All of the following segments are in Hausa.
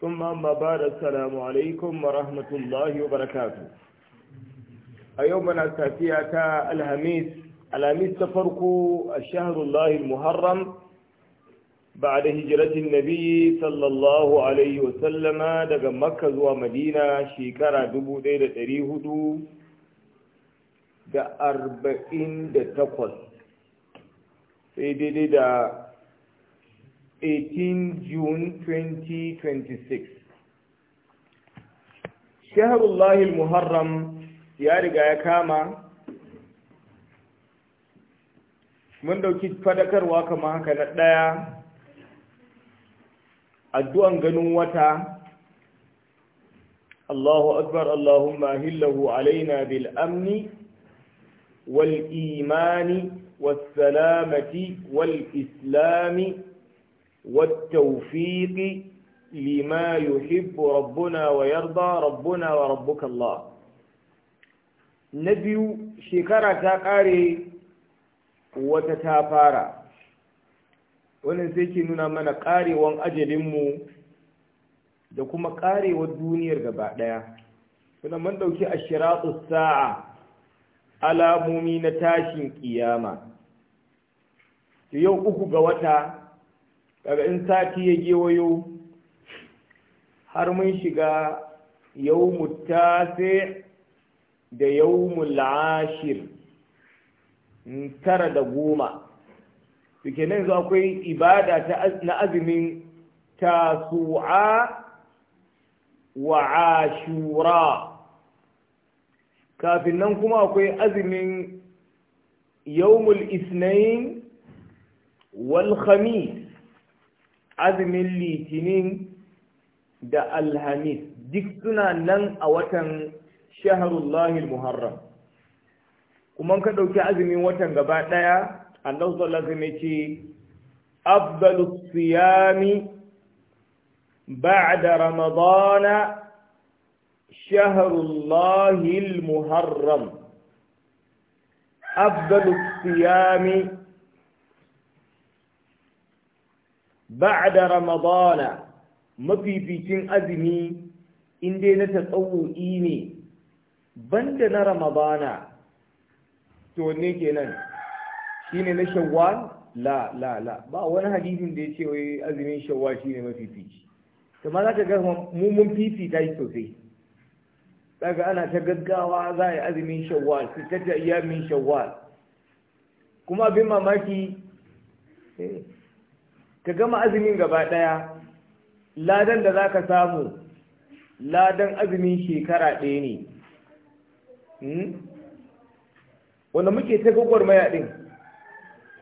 ثم أما بعد السلام عليكم ورحمة الله وبركاته أيومنا ساتية الهميس الهميس تفرق الشهر الله المحرم بعد هجرة النبي صلى الله عليه وسلم دقى مكة ومدينة شكرا دبو دير تريهدو دا أربعين دا تقوى سيدي دا 18 Jun 2026 shaharullahi muharram ya riga ya kama mun dauki fadakarwa kama haka na ɗaya addu'an ganin wata Allahu akbar Allahumma hillahu alaina bil amni wal imani was salamati wal islami والتوفيق لما يحب ربنا ويرضى ربنا وربك الله نبي شكرا تقاري وتتافارا wannan sai ke nuna mana karewan ajalinmu da kuma karewar duniyar gaba ɗaya suna mun ɗauki a sa'a alamomi na tashin ƙiyama yau uku ga wata daga in sati ya gewayo har mun shiga yawmu tasi da yawmu mm, tara da goma suke nan zuwa akwai ibada na azumin tasu'a wa ashura kafin nan kuma akwai azumin yawmul isnain wal khamis azumin litinin da alhamis duk suna nan a watan shaharullahil muharram kuma ka ɗauki azumin watan gaba ɗaya annabi sallallahu alaihi ce afdalu siyami ba'da ramadana shaharullahil muharram afdalu siyami ba'da ramadana mafificin azumi in dai na tatsawu'i ne banda na ramadana to ne kenan shine na shawwal la la la ba wani hadisin da ya ce wai azumin shawwal shine mafifici kamar za ga mu mun fifita shi sosai daga ana ta gaggawa za a yi azumin shawwal su ta ayyamin shawwal kuma abin mamaki eh, ka gama azumin gaba ɗaya ladan da za ka samu ladan azumin shekara ɗaya ne hmm? wanda muke ta gwagwarmaya ɗin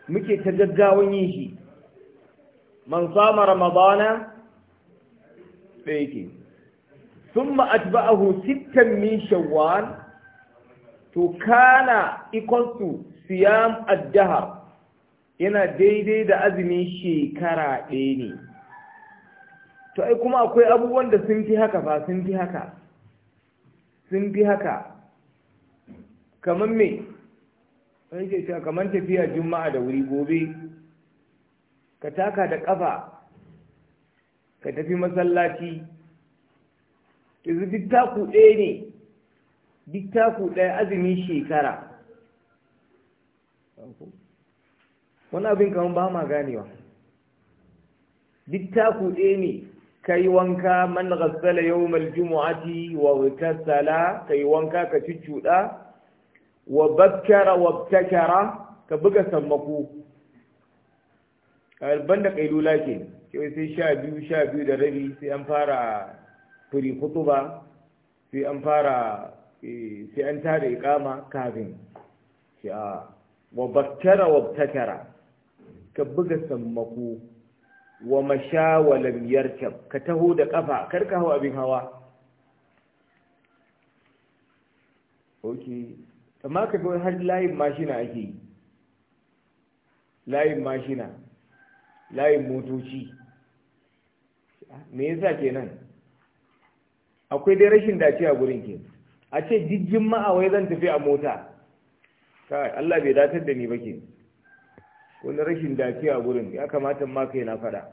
muke ta gaggawan yin shi man sama ramadana ɗaya yake sun ma'atba'ahu a min shawwal to kana ikonsu siyam addahar yana daidai da azumin shekara ɗaya ne to ai kuma akwai abubuwan da sun fi haka fa sun fi haka sun fi haka kamar me wani ke cewa kamar tafiya juma'a da wuri gobe ka taka da ƙafa ka tafi masallaci yanzu duk taku ɗaya ne duk taku ɗaya azumin shekara wani abin kamar ba ma ganewa duk taku ɗaya ne ka yi wanka man ghassala yawmal jumu'ati wa ghtassala ka yi wanka ka cuccuɗa wa bakkara wa takara ka buga sammako A alban da kailula ke kai sai sha biyu sha biyu da rabi sai an fara firi kutuba sai an fara eh, sai an tada ikama kafin shi wa bakkara wa takara ka buga sammako wa mashawalam yarkab ka taho da kafa karka hau abin hawa ok amma ka ga har layin mashina ake yi layin mashina layin motoci me yasa kenan akwai dai rashin dace a gurin ke a ce jijjin ma'awai zan tafi a mota kai Allah bai datar da ni ba ke wani rashin dace a gurin ya kamata ma kai na fada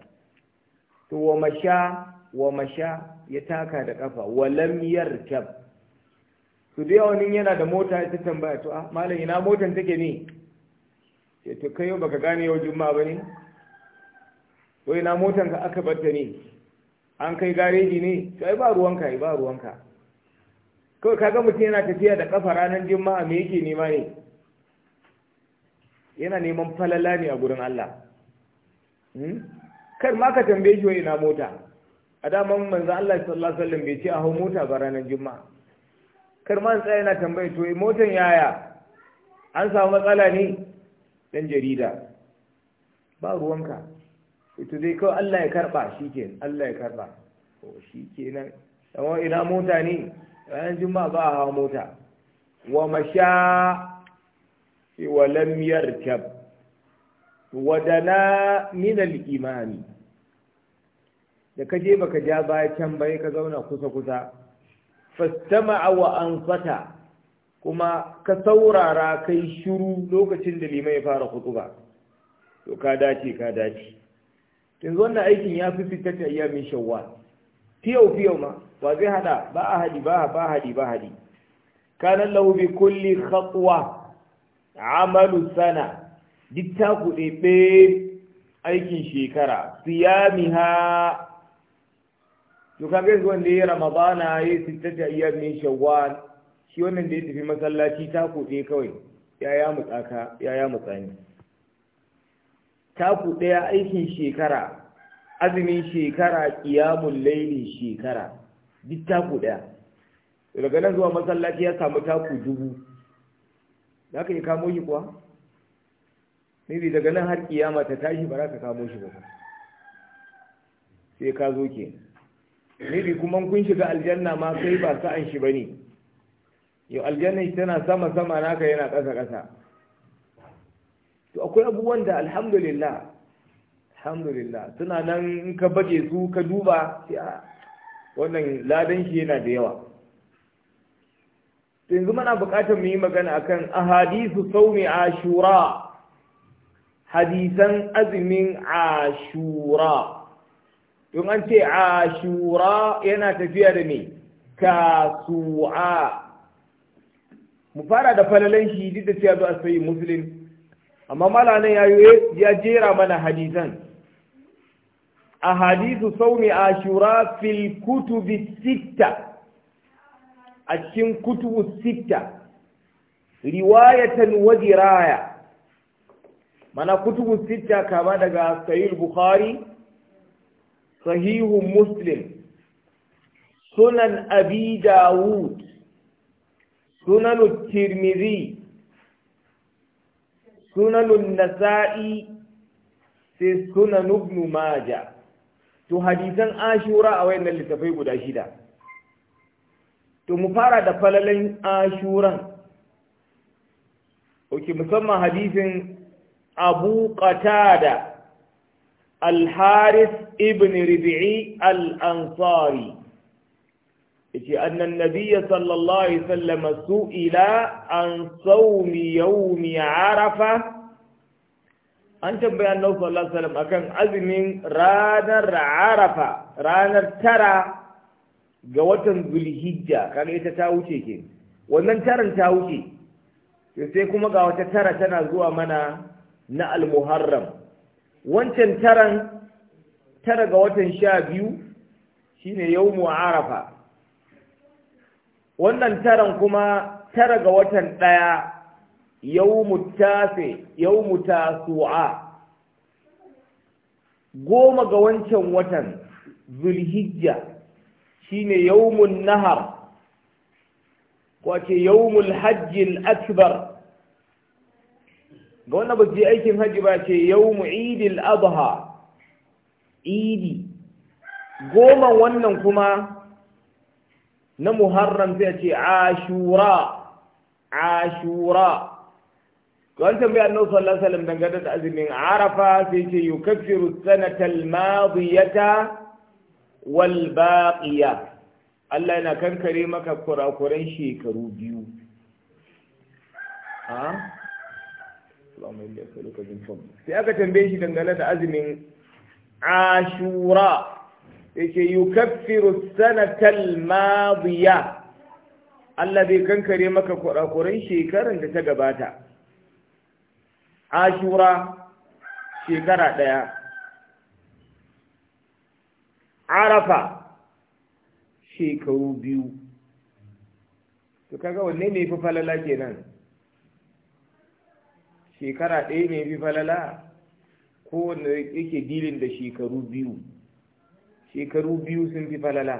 to wa masha wa masha ya taka da kafa wa lam yarkab to dai wani yana da mota ta tambaya to ah malam ina motan take ne sai to kai baka gane yau juma'a bane ko ina motan ka aka barta ne an kai gareji ne to ai ba ruwanka ai ba ruwanka kawai kaga mutum yana tafiya da kafa ranar juma'a me yake nema ne yana neman falala ne a gurin Allah hmm? kar ma ka tambaye shi ina mota a daman manzo Allah sallallahu alaihi wasallam bai ce a hau mota ba ranar juma'a kar ma tsaya yana tambaye to eh, motan yaya an samu matsala ne dan jarida ba ruwanka ito dai kawai Allah ya karba shikenan Allah ya karba to shikenan amma ina mota ne ranar juma'a ba a hau mota wa masha cewa lam yarkab wadana min al-imani da ka je baka ja baya can bai ka zauna kusa kusa fastama'a wa ansata kuma ka saurara kai shiru lokacin da limai ya fara khutuba to ka dace ka dace yanzu wannan aikin ya fi fitar da ayyamin shawwal fiyau fiyau ma wa zai hada ba hadi ba ba hadi ba hadi kana lahu bi kulli khatwa amalu sana duk ta kuɗe aikin shekara siyamiha to kaga yanzu wanda ya ramadana ya yi sittata ayyam min shawwal shi wannan da ya tafi masallaci ta kuɗe kawai ya mutsaka yaya mutsani ta kuɗe aikin shekara azumin shekara kiyamun laili shekara duk ta kuɗe daga nan zuwa masallaci ya samu taku dubu za ka yi kamo shi kuwa Nibi daga nan har kiyama ta tashi ba za ka kamo shi ba sai ka zo ke Nibi kuma kun shiga aljanna ma sai ba sa'an shi ba ne yau aljanna shi tana sama sama naka yana ƙasa ƙasa to akwai abubuwan da alhamdulillah alhamdulillah suna nan in ka baje su ka duba sai a wannan ladan shi yana da yawa yanzu muna buƙatar mu yi magana akan ahadisu saumi ashura hadisan azumin ashura don an ce ashura yana tafiya da me kasu'a mu fara da falalan shi duk da cewa zuwa sai muslim amma malamin ya ya jera mana hadisan ahadisu saumi ashura fil kutubi sitta a cikin kutubu Sita, riwayatan wa diraya mana kutubu Sita kama daga sahih bukhari sahihu muslim sunan abi dawud sunan tirmidhi sunan nasa'i sai sunan ibn majah to hadisan ashura a wayannan littafai guda shida to mu fara da falalin ashuran oke musamman hadisin abu qatada al-haris ibn ribi'i al-ansari yace annan Nabiya sallallahu alaihi wasallam su'ila an sawmi yawmi arafa an tambaya annabi sallallahu alaihi wasallam akan azumin ranar arafa ranar tara ga watan zulhijja kaga ita ta wuce ke wannan taran ta wuce sai kuma ga wata tara tana zuwa mana na almuharram wancan taran tara ga watan sha biyu shine yawmu arafa wannan taran kuma tara ga watan ɗaya yawmu tafe yawmu tasu'a goma ga wancan watan zulhijja shine yawmun nahar wace yawmul hajjil akbar ga wannan ba je aikin hajji ba ce yawmu idil adha idi goma wannan kuma na muharram sai a ce ashura ashura wani tambaya annabi sallallahu alaihi wasallam dangane da azumin arafa sai ce yukaffiru sanatal madiyata wal baqiya Allah yana kankare maka kurakuran shekaru biyu ha sai aka tambaye shi dangane da azumin ashura yake yukaffiru sanatal madiya Allah bai kankare maka kurakuran shekarun da ta gabata ashura shekara ɗaya arafa shekaru biyu to kaga wanne ne fi falala kenan shekara ɗaya ne fi falala wanne yake dilin da shekaru biyu shekaru biyu sun fi falala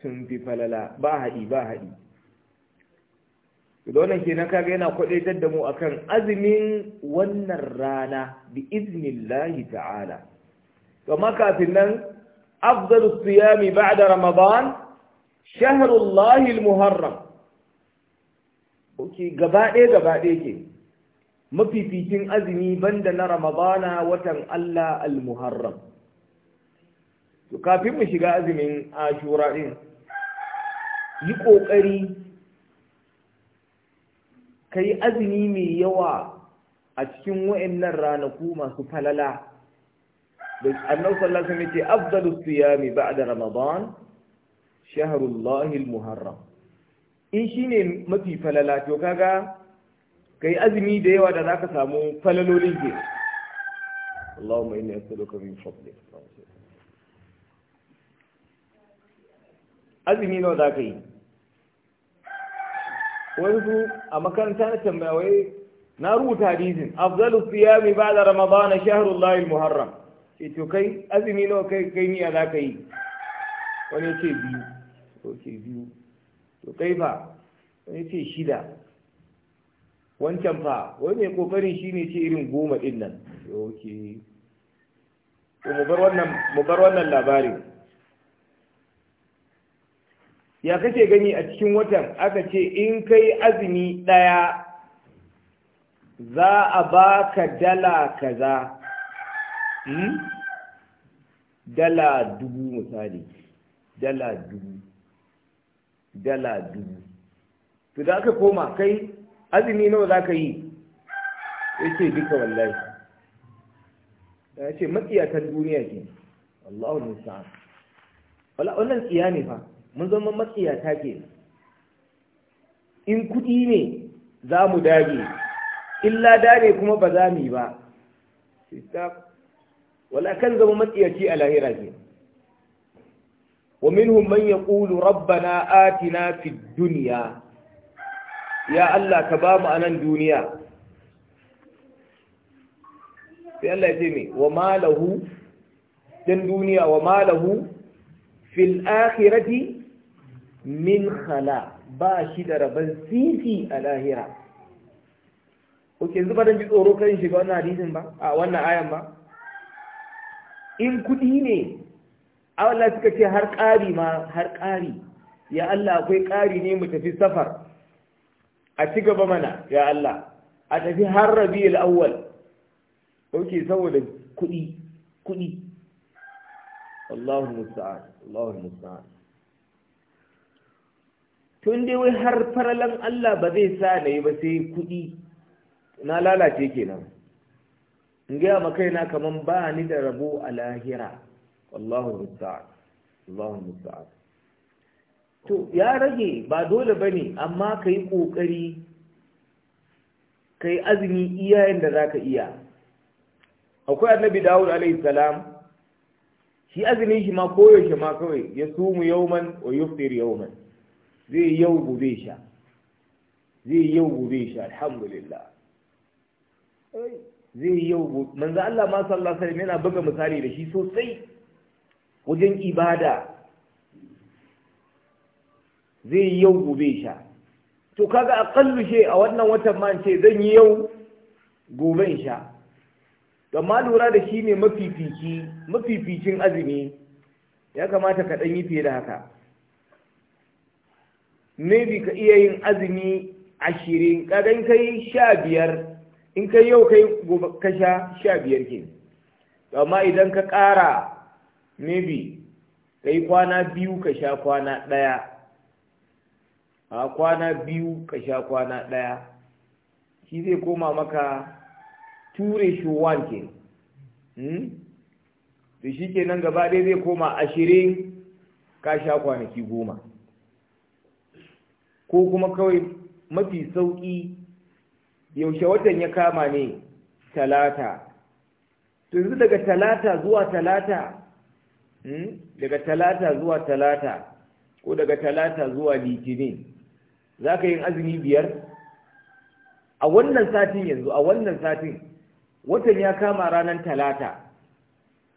sun fi falala ba haɗi ba haɗi da wannan kenan kaga yana kwadaitar da mu akan azumin wannan rana bi iznillahi ta'ala amma kafin nan afdalus siyami ba'da ramadan shahrullahi almuharram oke gaba ɗaya gaba ɗaya ke mafificin azumi banda na ramadana watan Allah almuharram to kafin mu shiga azumin ashura din yi kokari kai azumi mai yawa a cikin wayannan ranaku masu falala أنه صلى الله أفضل الصيام بعد رمضان شهر الله المحرم إن متي فللات وكذا كي أزمي دي ذاك سامو فللو لنجي اللهم إني أسألك من فضلك أزمي نو ذاكي أما كان تانا تنبأوي نارو تهديزين أفضل الصيام بعد رمضان شهر الله المحرم ce to kai azumi nawa kai kai miya za ka yi wani ce biyu to ce biyu to kai fa wani ce shida wancan fa wani mai kokarin shi ne ce irin goma ɗin nan wuce. to mu bar wannan labarin ya kake gani a cikin watan aka ce in kai azumi ɗaya za a baka dala kaza Hmm? dala dubu misali dala dubu dala dubu to da aka koma kai azumi nawa za ka yi ya ce duka wallahi ya ce matsiyatan duniya ke Allahu Wala wannan tsiya ne fa mun zama matsiyata ke in kudi ne za mu dage illa dage kuma ba za mu yi ba wala kan zama matsiyaci a lahira ke wa minhum man yaqulu rabbana atina fid dunya ya Allah ka ba mu anan duniya sai Allah ya ce me wa ma lahu dan duniya wa ma lahu fil akhirati min khala ba shi da rabon sisi a lahira Oke zuba don ji tsoro kan shiga wannan hadisin ba, a wannan ayan ba, in kuɗi ne Allah suka ce har ƙari ma har ƙari ya Allah akwai ƙari ne mu tafi safar a ci gaba mana ya Allah a tafi har rabi'ul awwal Ok, saboda kuɗi kuɗi Allahu musta'an Allahu musta'an tun dai wai har faralan Allah ba zai sa na yi ba sai kuɗi na lalace kenan in gaya ma kaina kaman ba ni da rabo a lahira Allahu musta'an Allahu musta'an to ya rage ba dole bane amma kai kokari kai azumi iya za zaka iya akwai annabi Dawud alaihi salam shi azumin shi ma koyaushe ma kawai ya sumu yauman wa yuftir yauman zai yau gobe sha zai yau gobe sha alhamdulillah zai yi yau manzo Allah ma sallallahu alaihi yana buga misali da shi sosai wajen ibada zai yi yau gobe sha to kaga aqallu shay a wannan watan ma ce zan yi yau gobe in sha to ma lura da shi ne mafifici mafificin azumi ya kamata ka dan yi fiye da haka maybe ka iya yin azumi ashirin in kai sha biyar in kai yau kai gobe ka sha sha biyar ke amma idan ka ƙara maybe ka yi kwana biyu ka sha kwana ɗaya a kwana biyu ka sha kwana ɗaya shi zai koma maka ture shi one ke da hmm? shi ke nan gaba ɗaya zai koma ashirin ka sha kwanaki goma ko kuma kawai mafi sauƙi yaushe watan ya kama ne talata to yanzu daga talata zuwa talata hmm? daga talata zuwa talata ko daga talata zuwa litinin za ka yi azumi biyar a wannan satin yanzu a wannan satin watan ya kama ranar talata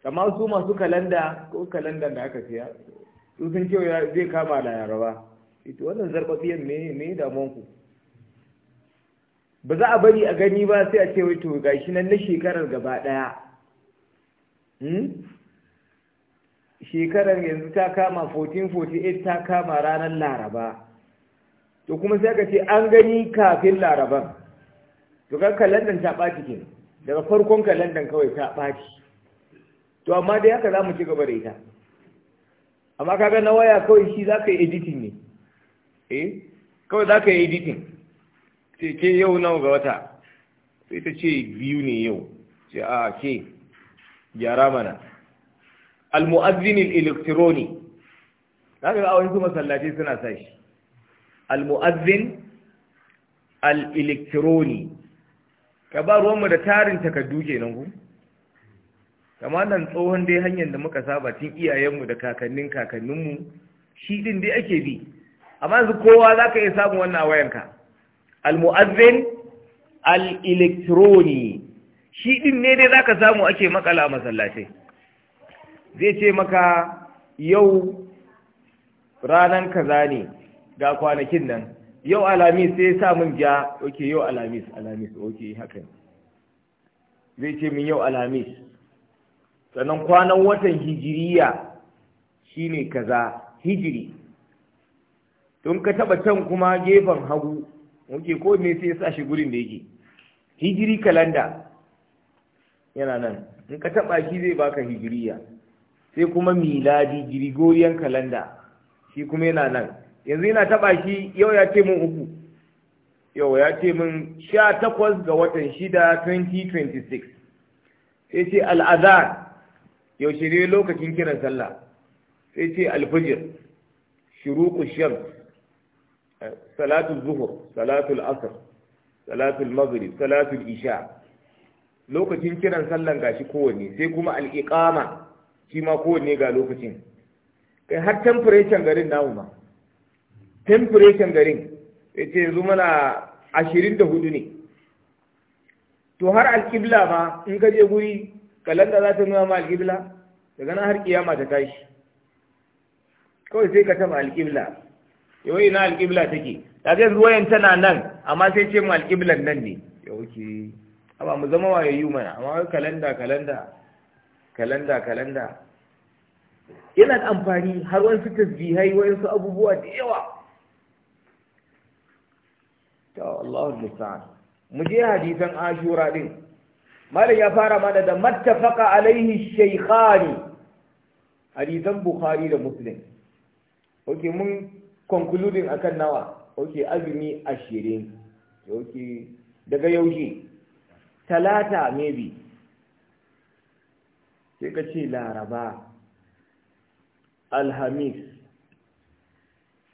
kamar su masu kalanda ko kalanda da aka siya su sun ce zai kama da yaraba ita wannan me ne damuwanku ba za a bari a gani ba sai a ce wai to gashi nan na shekarar gaba daya hmm? shekarar yanzu ta kama 1448 ta kama ranar laraba to kuma sai ka ce an gani kafin laraban to kan kalandan ta ɓaci ke daga farkon kalandan kawai ta ɓaci to amma dai haka za mu ci gaba da ita amma kaga na waya kawai shi za ka yi editing ne eh kawai za ka yi editing ce ke yau nawa ga wata sai ta ce biyu ne yau ce a ke gyara mana Almu'azinin elektroni na ga awon su masallaci suna sa shi almu'azzin al-elektroni ka ba ruwanmu da tarin takardu kenan ku kama nan tsohon dai hanyar da muka saba tun iyayenmu da kakannin kakanninmu shi din dai ake bi amma yanzu kowa za ka iya samun wannan a wayanka al-mu'azzin al-electroni shi din ne dai zaka samu ake makala a masallatai zai ce maka yau ranan kaza ne ga kwanakin nan yau alamis sai ya sa min ja oke yau alamis alamis oke haka zai ce min yau alamis sannan kwanan watan hijiriya shine kaza hijiri Tun ka taba can kuma gefen hagu muke ko ne sai ya sa shi gurin da yake hijiri kalanda yana nan in ka taba shi zai baka hijiriya sai kuma miladi Gregorian kalanda shi kuma yana nan yanzu yana taba shi yau ya ce mun uku yau ya ce mun sha takwas ga watan shida 2026 sai ce al'azhar yaushe ne lokacin kiran sallah sai ce alfijir shuruqu shams salatul zuhur salatul asr salatul maghrib salatul isha lokacin kiran sallan gashi kowanne sai kuma al'iqama shi ma kowanne ga lokacin kai har temperature garin namu ma temperature garin yace yanzu mana 24 ne to har alƙibla ma in ka je guri kalanda za ta nuna ma alƙibla daga nan har kiyama ta tashi kawai sai ka taba alƙibla yau eh, ina alƙibla take kaga yanzu wayan tana nan amma sai ce mu alƙiblan nan ne ya wuce amma mu zama yi mana amma wai kalanda kalanda kalanda kalanda yana da amfani har wani tasbihai su abubuwa da yawa ta Allahu musta'an mu je hadisan ashura din malam ya fara mana da mattafaqa alaihi shaykhani hadisan bukhari da muslim oke mun concluding akan nawa ok azumi ashirin ok daga yaushe talata maybe sai ka ce laraba alhamis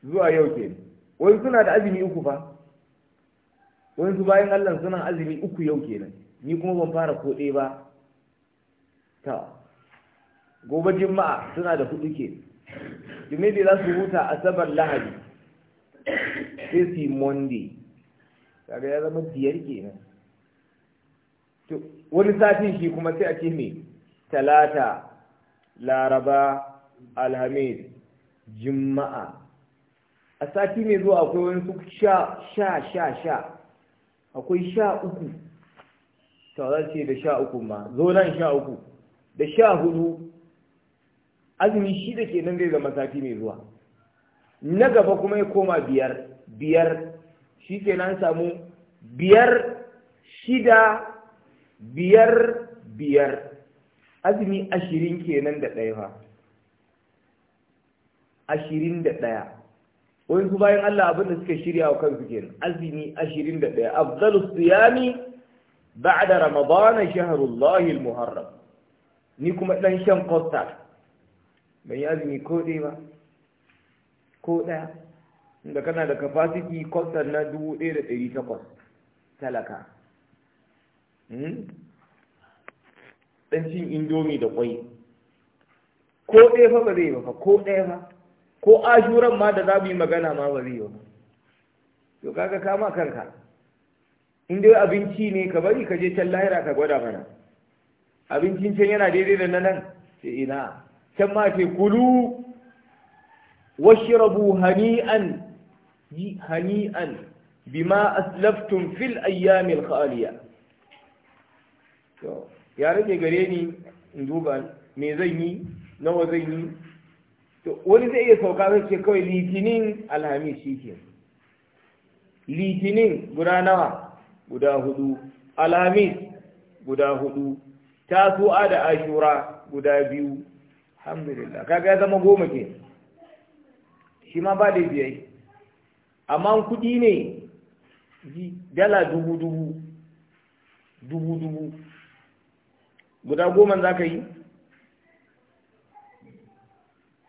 zuwa yau ke wani suna da azumi uku ba wani su bayan allah suna azumi uku yau nan ni kuma ban fara ko ɗaya ba ta gobe jima'a suna da hudu ke domin da za su huta asabar lahadi sai su monday kaga ya zama biyar kenan to wani satin shi kuma sai a ce me talata laraba alhamis juma'a a sati mai zuwa akwai wani su sha sha sha sha akwai sha uku ta ce da sha uku ma zo nan sha uku da sha hudu azumi shi da ke nan zai zama sati mai zuwa na gaba kuma ya koma biyar biyar shi ke nan samu biyar shida biyar biyar azumi ashirin kenan da ɗaya fa ashirin da ɗaya wani su bayan Allah abinda suka shirya wa kansu kenan azumi ashirin da ɗaya afzalu siyami ba'da ramadana shahrullahi al-muharram ni kuma dan shan custard bai yi azumi ko ɗaya ba ko ɗaya inda kana da kafasiki kwastar na 1,800 talaka hmm? ɗan cin indomi da ƙwai ko ɗaya fa ba zai ba ko ɗaya fa. ko ashuran ma da za mu yi magana ma ba zai ba to kaga kama kanka in dai abinci ne ka bari ka je can lahira ka gwada mana abincin can yana daidai da na nan sai ina can ma ce kulu hani'an hani'an bima aslaftum fil ayyamil khaliya to ya rage gare ni in duba me zan yi nawa zan yi to wani zai iya sauka zai ce kawai litinin alhamis shi litinin guda nawa guda hudu alhamis guda hudu tasu'a da ashura guda biyu alhamdulillah kaga ya zama goma ke shi ma ba da biyai amma kudi ne dala dubu dubu dubu dubu guda goman za ka yi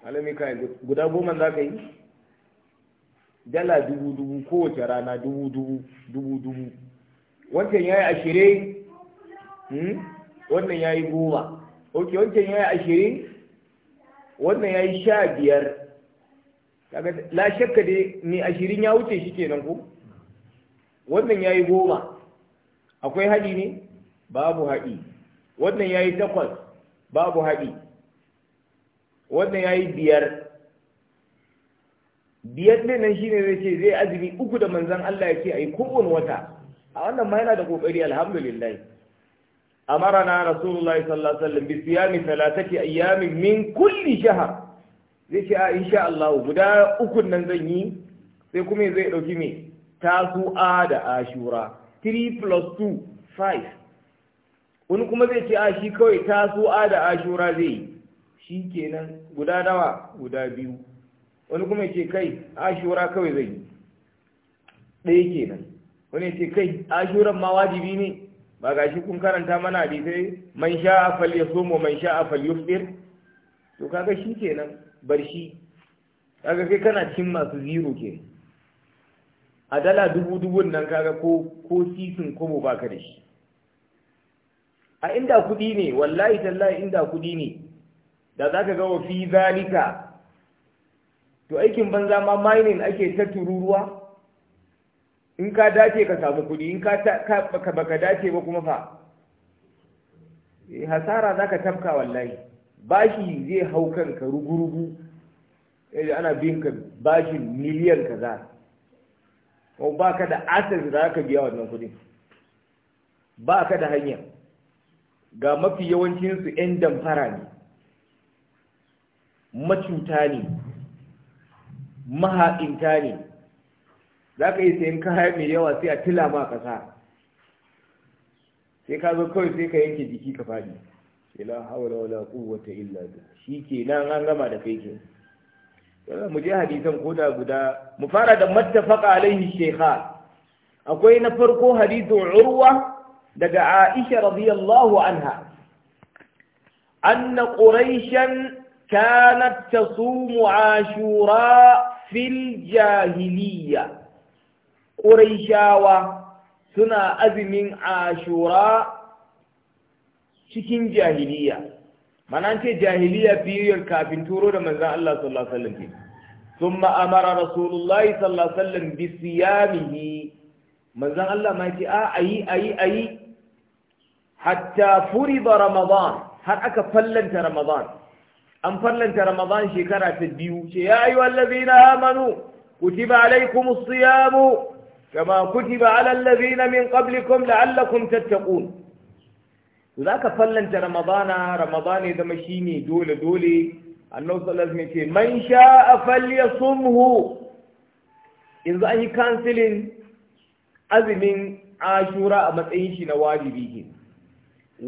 alami kai guda goman za ka yi dala dubu dubu kowace rana dubu dubu dubu dubu wancan ya yi ashirin hmm? wannan ya yi goma ok wancan ya yi ashirin wannan ya yi sha biyar la shakka dai mai ashirin ya wuce shi kenan ko wannan ya yi goma akwai haɗi ne babu haɗi wannan ya yi takwas babu haɗi wannan ya yi biyar biyar ne nan shine zai ce zai azumi uku da manzan Allah ya ce a yi kowane wata a wannan ma yana da ƙoƙari alhamdulillah أمرنا رسول الله صلى الله عليه وسلم thalathati ayyamin min kulli كل zai ce a insha Allah guda ukun zan yi sai kuma zai ɗauki me tasu'a da ashura 3 plus 2 5 wani kuma zai ce a shi kawai tasu'a da ashura zai yi shi kenan guda dawa guda biyu wani kuma ce kai ashura kawai zai yi ɗaya kenan wani ce kai ashuran ma wajibi ne ba ga shi kun karanta mana hadisai man sha'a falyasum man sha'a falyuftir to kaga shi kenan bar shi kaga kai kana cin masu zero ke a dala dubu dubun nan kaga ko ko sisin kobo baka da shi a inda kudi ne wallahi tallahi inda kudi ne da zaka ga wa fi zalika to aikin banza ma mining ake ta tururuwa in ka dace ka samu kuɗi in ka baka dace ba kuma fa eh, hasara za ka tafka wallahi bashi zai hau kanka rugurugu yadda eh, ana bin ka bashin miliyan kaza ko ba ka da asas za ka biya wannan kuɗin ba ka da hanya ga mafi yawancinsu 'yan damfara ne macuta ne maha'inta ne za ka yi sayan kaya mai yawa sai a tila ma ƙasa sai ka zo kawai sai ka yanke jiki ka faɗi ila hawla wala quwwata illa billah shikenan an gama da kai ke mu je hadisan koda guda mu fara da mattafaqa alaihi shaykha akwai na farko hadithu urwa daga aisha radiyallahu anha anna quraishan kanat tasumu ashura fil jahiliyya shawa suna azumin ashura cikin jahiliya mana ce jahiliya period kafin turo da manzan Allah sallallahu alaihi wasallam ثم أمر رسول الله صلى الله عليه وسلم بصيامه manzan Allah ma ce a ayi ayi ayi hatta ramadan har aka fallanta ramadan an fallanta ramadan shekara ta biyu ce ya ayyuhal ladina amanu kutiba alaykumus siyamu كما كتب على الذين من قبلكم la'allakum تتقون zaka fallanta Ramadana رمضان da mashini دولة dole annabi sallallahu alaihi ce man sha'a falyasumhu yanzu an yi kansilin azumin ashura a matsayin shi na wajibi ke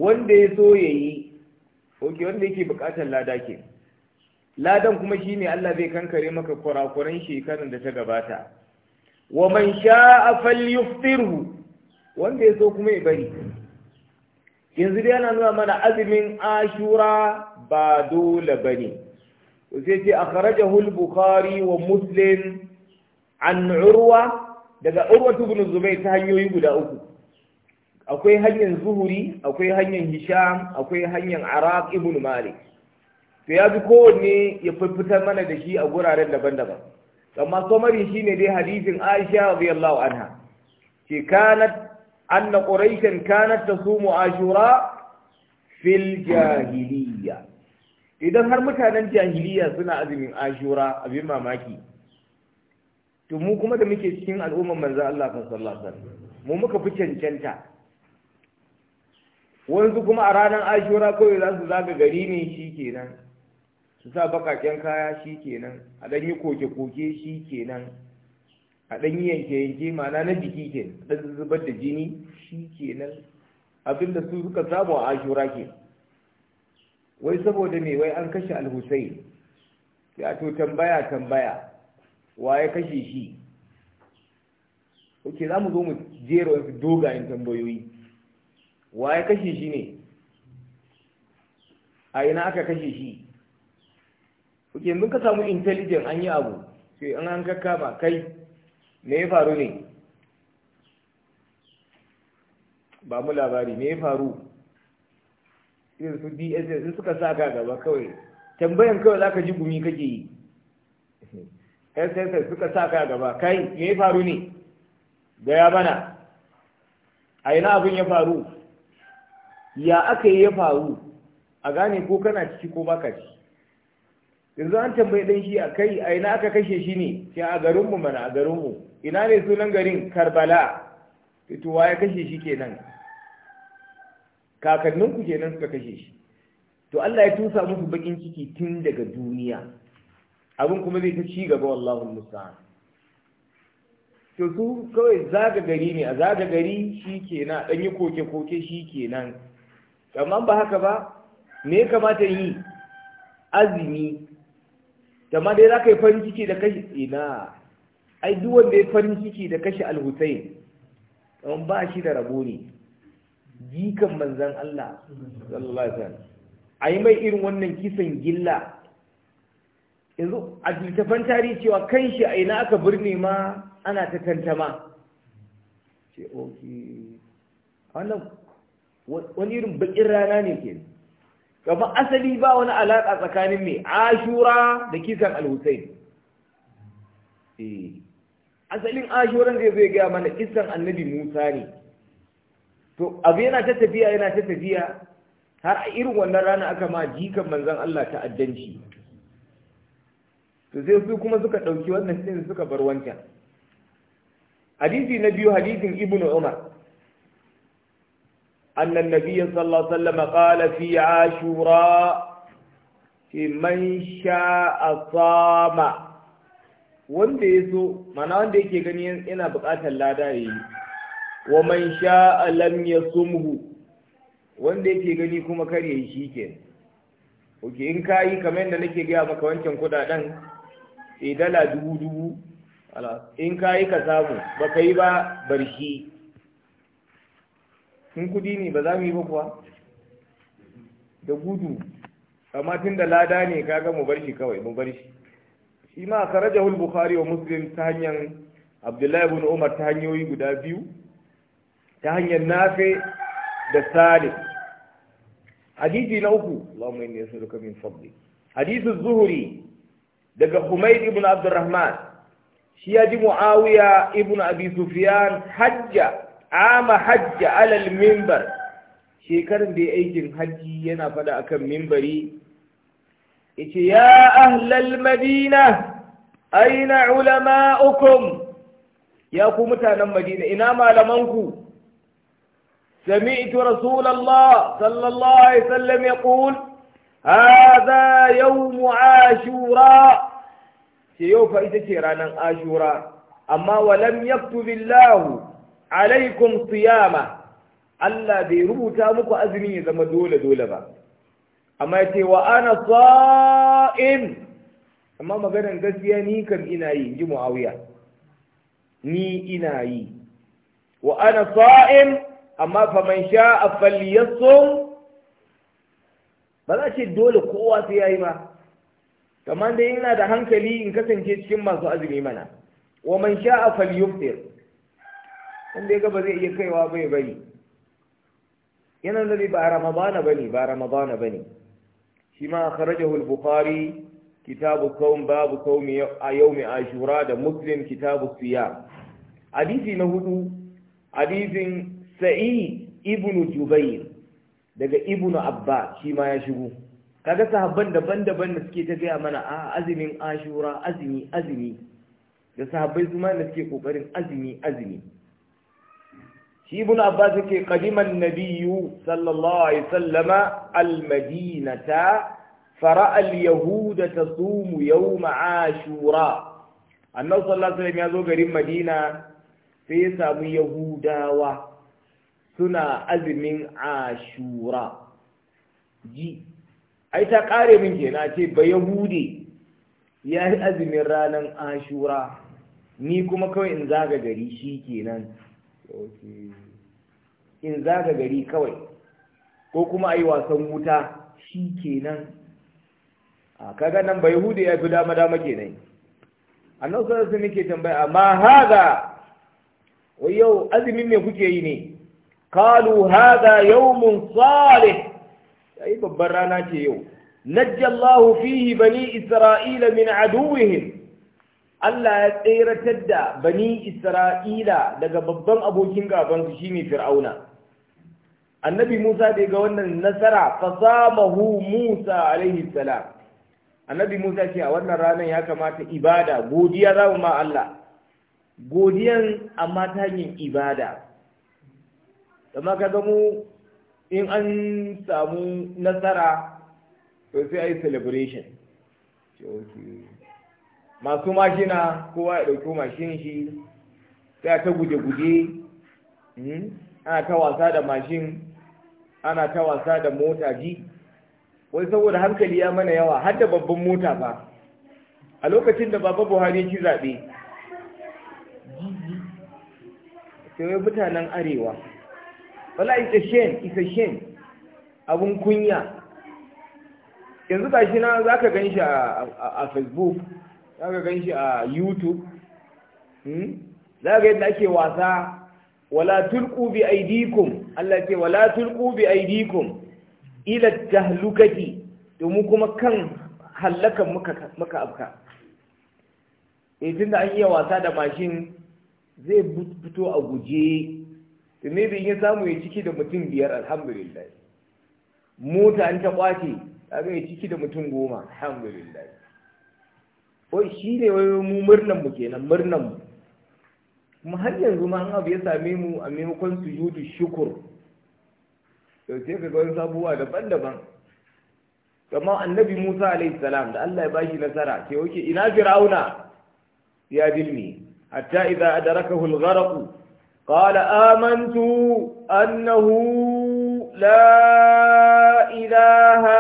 wanda ya so ya yi oke wanda yake bukatar lada ke ladan kuma shine Allah zai kankare maka kurakuran shekaran da ta gabata wa man sha'a falyuftirhu wanda ya so kuma ya bari yanzu dai ana nuna mana azumin ashura ba dole bane sai ce akhrajahu al-bukhari wa muslim an urwa daga urwa ibn zubayr ta hanyoyi guda uku akwai hanyar zuhuri akwai hanyar hisham akwai hanyar araq ibn malik to ya bi kowanne ya fitar mana da shi a guraren daban-daban amma shi shine dai hadisin Aisha radiyallahu anha ce kanat anna quraishan kanat tasumu ashura fil jahiliya idan har mutanen jahiliya suna azumin ashura abin mamaki to mu kuma da muke cikin al'umman manzon Allah sallallahu alaihi wasallam mu muka fi cancanta wanzu kuma a ranar ashura kawai za su zaga gari ne shi kenan su sa bakaken kaya shi kenan a ɗan yi koke-koke shi kenan a ɗan yi yanke-yanke mana na jiki ke ɗan zubar da jini shi kenan abinda su suka samu a ashura ke wai saboda me wai an kashe alhussein ya to tambaya tambaya wa ya kashe shi ok za mu zo mu jera wasu dogayen tambayoyi wa ya kashe shi ne a ina aka kashe shi kuke mun ka samu intelligent an yi abu sai an an kakkama kai me ya faru ne ba mu labari me ya faru irin su dss suka sa ka gaba kawai tambayan kawai za ka ji gumi kake yi sss suka sa ka gaba kai me ya faru ne gaya bana a ina abin ya faru ya aka yi ya faru a gane ko kana ciki ko baka ciki yanzu an tambayi dan shi a kai a ina aka kashe shi ne shi a garinmu mana a garinmu ina ne sunan garin karbala to ya kashe shi kenan Kakannin ku kenan suka kashe shi to Allah ya tusa musu bakin ciki tun daga duniya abin kuma zai ta ci gaba wallahi musta'an to su kawai zaga gari ne a zaga gari shi kenan dan yi koke koke shi kenan amma ba haka ba me ya kamata yi azumi amma dai za ka yi farin ciki da kashi ina ai duk wanda ya farin ciki da kashi al-Husayn don ba shi da rabo ne jikan manzan Allah sallallahu alaihi wasallam ai mai irin wannan kisan gilla yanzu a littafan tarihi cewa kan shi a ina aka birne ma ana ta tantama ce oke wannan wani irin bakin rana ne ke kamar asali ba wani alaƙa tsakanin mai ashura da kisan al Eh, asalin ashuran zai zai gaya mana kisan annabi musa ne to abu yana ta tafiya yana ta tafiya har a irin wannan rana aka ma jikan manzan Allah ta'addanci to sai su kuma suka ɗauki wannan sin suka bar wancan hadisi na biyu hadisin ibnu umar أن النبي صلى الله عليه وسلم قال في عاشوراء في من شاء صام wanda ya so mana wanda yake gani yana buƙatar lada ya yi wa man sha sha'a lam yasumhu wanda yake gani kuma kar ya yi shi ke. oke in ka yi kamar yadda nake gaya maka wancan kuɗaɗen? e dala dubu dubu in ka yi ka samu ba ka yi ba bar shi. sun kudi ne ba za mu yi ba kuwa da gudu amma tun da lada ne kaga mu bar shi kawai mu bar shi shi ma raja hul bukhari wa muslim ta hanyar abdullahi ibn umar ta hanyoyi guda biyu ta hanyar nafe da salim hadisi na uku Allahumma inni as'aluka min fadli hadisi zuhri daga humayd ibn abdurrahman shi ya ji muawiya ibn abi sufyan hajja ama hajji alal mimbar shekarun da ya aikin hajji yana fada akan mimbari yace ya ahlal madina aina ulama'ukum ya ku mutanen madina ina malamanku سمعت رسول الله صلى الله عليه وسلم يقول هذا يوم عاشوراء سيوفا إتشيرانا عاشوراء أما ولم يكتب الله alaikum siyama Allah bai rubuta muku azumi ya zama dole dole ba amma ya ce wa ana sa'in amma maganar gaskiya ni kam ina yi ji muawiya ni ina yi wa ana sa'in amma faman sha'a falyasum ba za ce dole kowa sai yayi ba kamar dai ina da hankali in kasance cikin masu azumi mana wa man sha'a falyuftir inda ya ga ba zai iya kaiwa bai bari yana nabi ba ramadana bane ba ramadana bane shi ma kharajahu al-bukhari kitabu kaum babu kaum a yawmi ashura da muslim kitabu siyam hadisi na hudu hadisin sai ibn jubair daga ibn abba shi ma ya shigo kaga sahabban daban-daban da suke ta gaya mana a ah, azumin ashura azumi azumi da sahabbai su ma da suke kokarin azumi azumi shi ibn abbas yake qadiman nabiyyu sallallahu alaihi wasallama almadinata fara'a alyahuda tasumu yawm ashura annabi sallallahu alaihi wasallam ya zo garin madina sai ya samu yahudawa suna azumin ashura ji ai ta kare min kenan ce ba yahude ya yi azumin ranan ashura ni kuma kawai in zaga gari shi kenan in zaga gari kawai ko kuma a yi wasan wuta shi kenan a kaga nan bai hudu ya fi dama dama kenan nan sanar su nake tambaya amma haza wai yau azumin me kuke yi ne kalu haza yawmun ya yi babbar rana ce yau najjallahu fihi bani isra'ila min aduwihim Allah ya tseratar da bani Isra'ila daga babban abokin gabansu shine Fir'auna. Annabi Musa bai ga wannan nasara fasamahu Musa alaihi salam. Annabi Musa ce a wannan ranar ya kamata ibada, godiya za mu ma Allah. Godiyan amma ta ibada. Kama ka mu in an samu nasara, to sai a yi celebration. masu mashina kowa ya ɗauki mashin shi sai ta guje-guje hmm, ana ta wasa da mashin ana ta wasa da mota ji wai saboda hankali ya mana yawa har da babban mota ba a lokacin da baba buhari ya ci zaɓe sai wai mutanen arewa wala isa shen isa shen abun kunya yanzu shi na za ka gan shi a facebook za ka gan shi a youtube hmm? za ka yadda ake wasa wala tulku bi aidikum Allah ce wala tulku bi aidikum ila tahlukati domin kuma kan hallakan muka muka afka eh tunda an yi wasa da mashin zai fito a guje to me bin ya samu ya ciki da mutum biyar alhamdulillah mota an ta kwace ga ya ciki da mutum goma alhamdulillah wai shi ne wai mu murnan mu kenan murnan mu kuma har yanzu ma an abu ya same mu a maimakon su yudu shukur to sai ka ga wani sabuwa daban-daban kamar annabi musa alaihi salam da allah ya bashi nasara ce wuce, ina fir'auna ya bilmi hatta idza adrakahu al-gharq qala amantu annahu la ilaha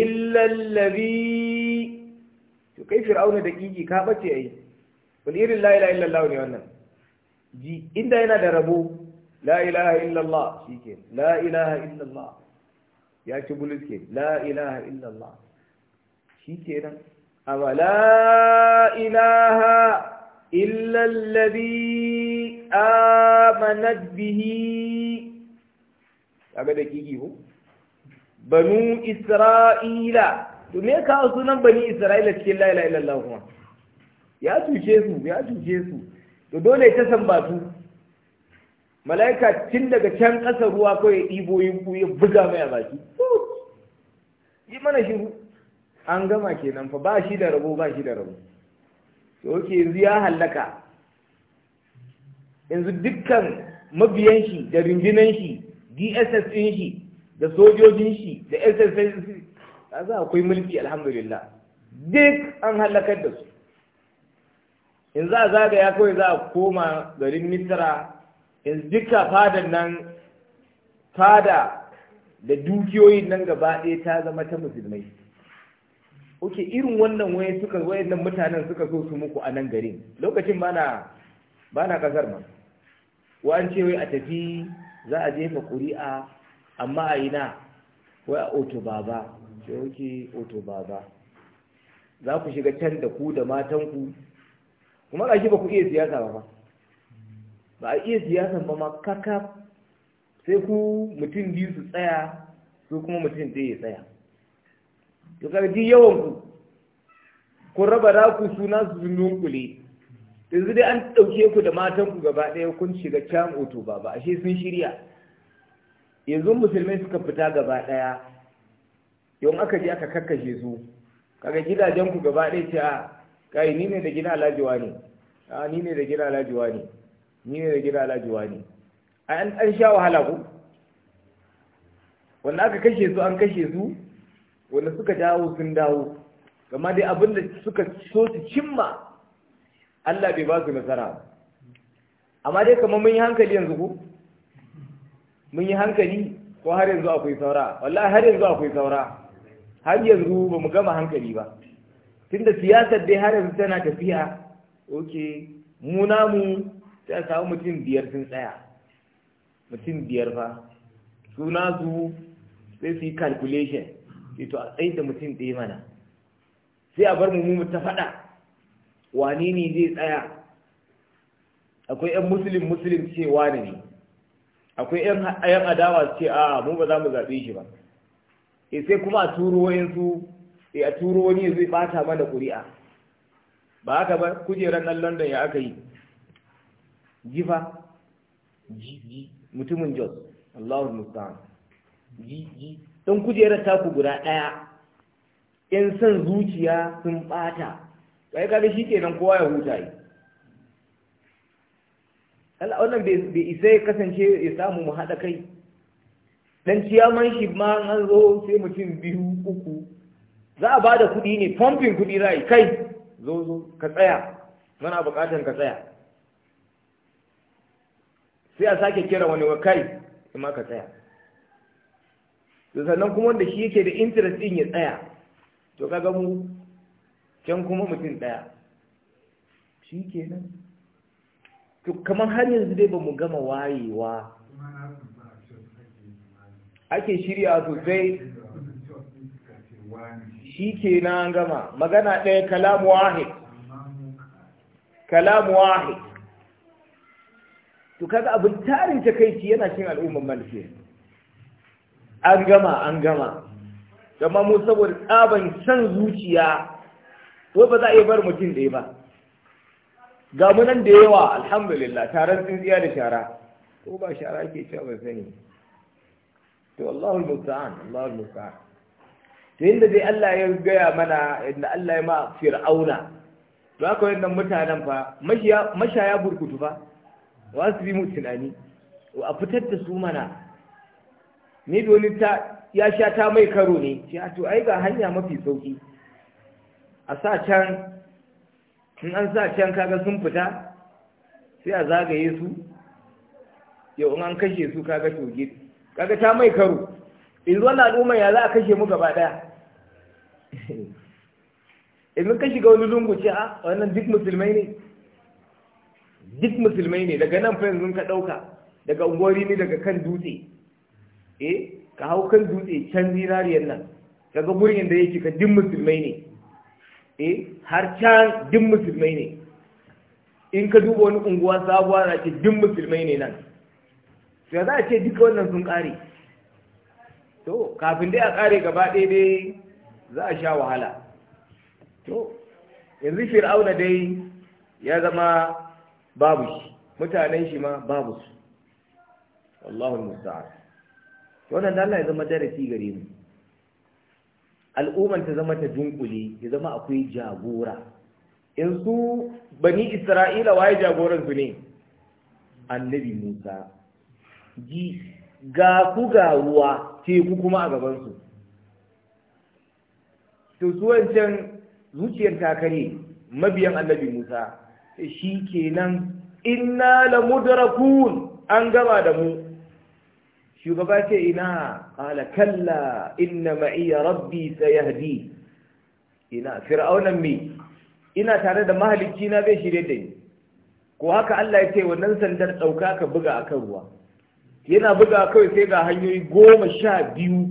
illa alladhi kai fir'auna da kiki ka bace ai wal irin la ilaha illallah ne wannan ji inda yana da rabo la ilaha illallah shike la ilaha illallah ya ci bulus ke la ilaha illallah shike nan amma la ilaha illallazi amanat bihi kaga da kiki ko banu isra'ila to me kawo sunan bani isra'ila cikin la ilaha illallah kuma ya cuce su ya cuce su to dole ta san batu, mala'ika tun daga can ƙasa ruwa kawai ya ɗibo ya buga mai a baki yi mana shiru an gama kenan fa ba shi da rabo ba shi da rabo to ke yanzu ya hallaka yanzu dukkan mabiyan shi da rundunan shi dss din shi da sojojin shi da sss a akwai mulki alhamdulillah duk an halakar da su in za a zagaya kawai za a koma garin misra in duka fadar nan fada da dukiyoyin nan gaba ɗaya ta zama ta musulmai oke irin wannan waye suka wayannan mutanen suka so su muku a nan garin lokacin bana bana kasar ma wa an ce wai a tafi za a jefa ƙuri'a amma a na, wai a oto baba da yake oto ba, za ku shiga can da ku da matanku kuma ƙashi ba ku iya siyasa ba ba ba a iya siyasa ba ma kaka sai ku mutum biyu su tsaya su kuma mutum ɗaya ya tsaya to karfi yawan ku ku raba raku suna su kule yanzu dai an ɗauke ku da matan ku gaba ɗaya kun shiga can oto ba ba ashe sun shirya yanzu musulmai suka fita gaba ɗaya yau aka je aka kakkashe su kaga gidajen ku gaba ɗaya ce a ah, kai ni ne da gina alajiwa ne a ah, ni ne da gina alajiwa ne ni ne da gina alajiwa ne a an an sha wahala ku wanda aka kashe su an kashe su wanda suka dawo sun dawo Gama dai abin da suka so su cimma Allah bai ba su nasara amma dai kamar mun yi hankali yanzu ku? mun yi hankali ko har yanzu akwai saura wallahi har yanzu akwai saura har yanzu ba mu gama hankali ba tunda siyasar dai har yanzu tana tafiya muna mu sai a samu mutum biyar sun tsaya mutum biyar fa suna su sai su yi calculation sai to a tsaye da mutum ɗaya mana sai a bar mu mu ta faɗa wane ne zai tsaya akwai 'yan musulun musulun cewa ne akwai 'yan adawa ce a mu ba za mu zaɓe shi ba Eh, sai kuma a turo wayansu sai eh, a turo wani zai bata mana ƙuri'a ba haka ba kujerar nan london ya aka yi jifa mutumin jos allahu musamman jiji don kujerar taku guda ɗaya yan son zuciya sun bata kai kaga shi ke nan kowa ya huta yi wannan bai isa ya kasance ya samu mu haɗa kai dan ciyaman shi ma an zo sai mutum biyu uku za a ba da kuɗi ne pumping kuɗi za a yi kai zo zo ka tsaya muna buƙatar ka tsaya sai a sake kira wani wa kai ma ka tsaya to sannan kuma wanda shi yake da interest din ya tsaya to kaga mu can kuma mutum ɗaya shi kenan to kamar har yanzu dai ba mu gama wayewa ake shirya sosai shi ke na gama magana ɗaya kalamu wahid kalamu wahid to kaga abin tarin takaici yana cin al'umman malafiya. an gama an gama gama mu saboda tsaban san zuciya wai ba za a iya bar mutum ɗaya ba ga munan da yawa alhamdulillah taron tsintsiya da shara ko ba shara ke cewa sani to Allahul musta'an Allahul musta'an to inda dai Allah ya gaya mana inda Allah ya ma fir'auna to haka wannan mutanen fa mashiya mashaya burkutu fa wa su bi mu tunani a fitar da su mana ni doni ta ya sha ta mai karo ne ce ah, to ai ga hanya mafi sauki a sa can in an sa can kaga sun fita sai a zagaye su yau in an kashe su kaga to kaga ta mai karo yanzu wannan al'umma ya za a kashe mu gaba daya idan ka shiga wani lungu ce a ah, wannan duk musulmai ne duk musulmai ne daga nan fa yanzu ka dauka daga ungori ne daga kan dutse eh ka hau kan dutse can zinariyar nan daga gurin da yake ka duk musulmai ne eh har can duk musulmai ne in ka duba wani unguwa sabuwa na ce duk musulmai ne nan ya za a ce duka wannan sun ƙare to kafin dai a ƙare gaba ɗaya dai za a sha wahala to yanzu fir'auna dai ya zama babu shi mutanen shi ma babu su wallahu musta'an wannan da Allah ya zama darasi gare mu Al'ummar ta zama ta dunkule ya zama akwai jagora in su bani isra'ila waye jagoran su ne annabi musa ji ga ku ga ruwa teku kuma a gabansu to su wancan zuciyar takare mabiyan annabi musa eh, shi kenan inna la mudrakun an gaba da mu shugaba ce ina kala kalla inna ma'iya rabbi sayahdi ina fir'aunan me ina tare da mahalicci na zai shirye da ni ko haka Allah ya ce wannan sandar dauka ka buga akan ruwa yana buga kawai sai ga hanyoyi goma sha biyu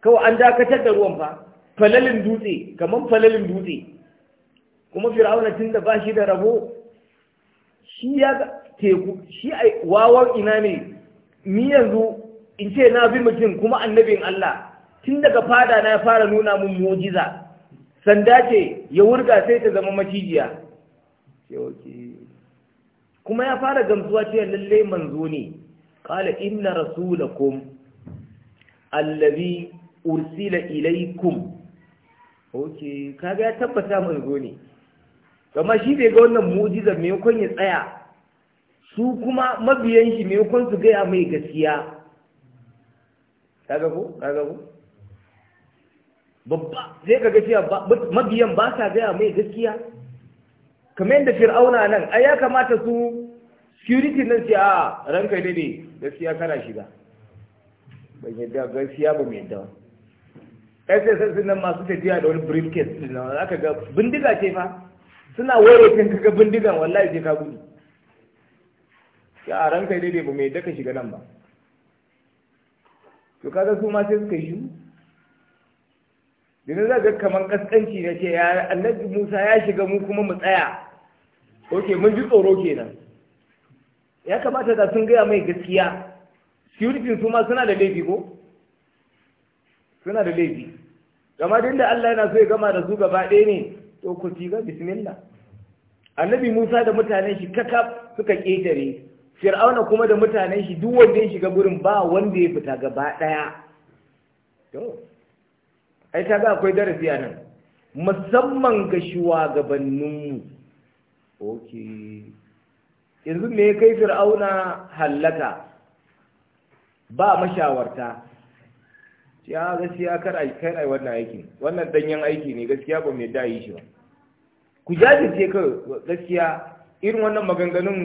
kawai an dakatar da ruwan fa falalin dutse kamar falalin dutse kuma fir'auna tun da ba shi da rabo shi ya teku shi a wawan ina ne ni yanzu in ce na bi mutum kuma annabin Allah tun daga fada na ya fara nuna mun mujiza sanda ce ya wurga sai ta zama macijiya kuma ya fara gamsuwa cewa lalle manzo ne qala inna rasulakum allazi ursila ilaykum oke kaga ya tabbata manzo ne kuma shi bai ga wannan mu'jizar me yakon ya tsaya su kuma mabiyan shi me yakon su gaya mai gaskiya kaga ko kaga ko babba sai kaga cewa mabiyan ba sa gaya mai gaskiya kamar yadda fir'auna nan ai ya kamata su security nan sai a ranka ne ne gaskiya kana shiga ban yadda gaskiya ba mu yadda sun nan masu tafiya da wani briefcase din nan aka ga bindiga ce fa suna waye kin kaga bindigan wallahi sai ka gudu ya ranka ne ne ba mu yadda ka shiga nan ba to kaga su ma sai suka yi yanzu za ga kamar kaskanci na ce ya annabi musa ya shiga mu kuma mu tsaya oke mun ji tsoro kenan ya kamata da sun gaya mai gaskiya security su ma suna da laifi ko suna da laifi gama din da allah yana so ya gama da su gaba ɗaya ne to ku ci ga bismillah annabi musa da mutanen shi kakaf suka ƙetare fir'auna kuma da mutanen shi duk wanda ya shiga gurin ba wanda ya fita gaba ɗaya ai ta ga akwai darasi a nan musamman ga shugabanninmu ok yanzu me kai fir'auna hallaka ba mashawarta ya gaskiya kar ai kai ai wannan aikin wannan danyen aiki ne gaskiya ba mai dai shi ba ku jajirce kai gaskiya irin wannan maganganun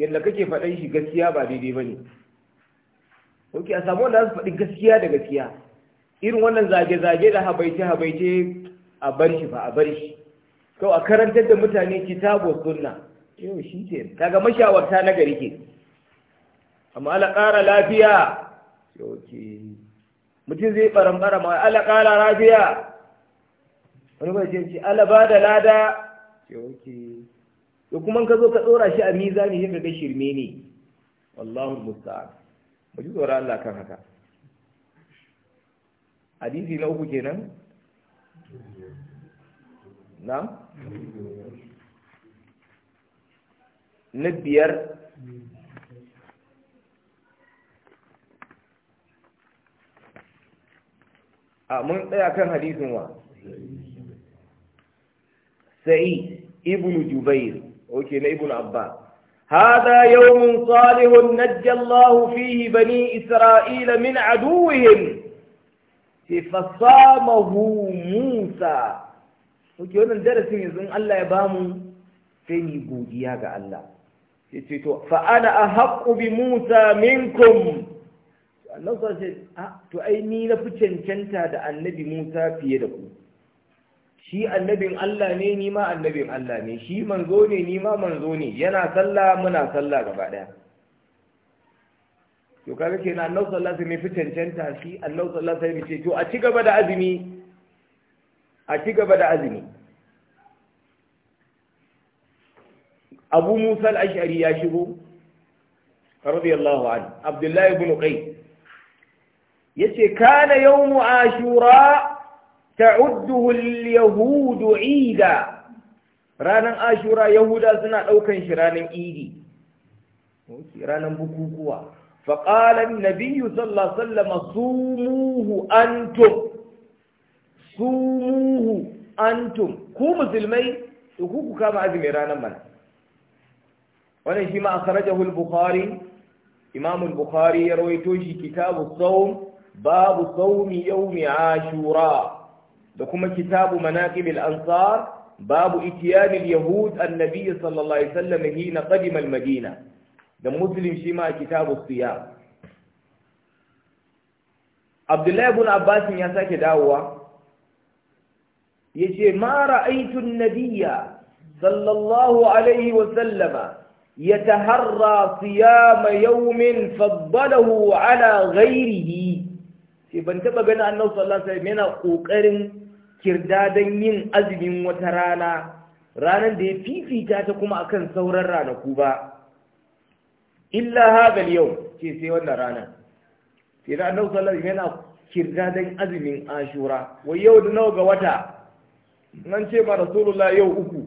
yadda kake faɗan shi gaskiya ba daidai ba ne ok a samu wanda za su faɗi gaskiya da gaskiya irin wannan zage-zage da habaice-habaice a bar shi fa a bar shi kawai a karantar da mutane kitabu sunna yau shi Ta ga mashawarta na gari ke amma ala ƙara lafiya yau ke mutum zai ɓaran ma ala ƙara lafiya wani bai ce ce ala ba da lada yau ke da kuma ka zo ka tsora shi a mizani shi ka ga shirme ne wallahu musta'an mu ji tsoron Allah kan haka حديثي لو بجنا نعم نبير من ديا كان حديث ما سعيد ابن جبير اوكي ابن عباس هذا يوم صالح نجى الله فيه بني إسرائيل من عدوهم ce fasamahu Musa wannan darasin yanzu in Allah ya bamu sai ni godiya ga Allah sai ce to fa ana ahqqu bi Musa minkum Allah sai ce ah, to ai ni na fi cancanta da annabi Musa fiye da ku shi annabin Allah ne ni ma annabin Allah ne shi manzo ne ni ma manzo ne yana sallah muna sallah gaba ɗaya. to kaga kenan annabi sallallahu alaihi wasallam fi cancanta shi annabi sallallahu alaihi wasallam ce to a ci gaba da azumi a ci gaba da azumi Abu Musa al-Ash'ari ya shigo radiyallahu anhu Abdullahi ibn Qais yace kana yawmu Ashura ta'udduhu al-yahud 'ida ranan Ashura Yahuda suna ɗaukan shi ranan Idi ranan bukukuwa فقال النبي صلى الله عليه وسلم صوموه أنتم صوموه أنتم كو مسلمي وكو كما عزمي رانا من ونشي ما أخرجه البخاري إمام البخاري يرويتوشي كتاب الصوم باب صوم يوم عاشوراء دكما كتاب مناقب الأنصار باب إتيان اليهود النبي صلى الله عليه وسلم حين قدم المدينة da muslim shi ma kitabu siya abdullahi ibn abbas ya sake dawowa yace ma ra'aytu an-nabiyya sallallahu alaihi wa sallama yataharra siyama yawmin faddalahu ala ghayrihi sai ban taba ganin annabi sallallahu alaihi wasallam yana kokarin kirdadan yin azumin wata rana ranar da ya fifita ta kuma akan sauran ranaku ba illa hadal yau ke sai wannan ranar sai da annabi sallallahu yana kirga azumin ashura wai yau da nawa ga wata nan ce ma rasulullah yau uku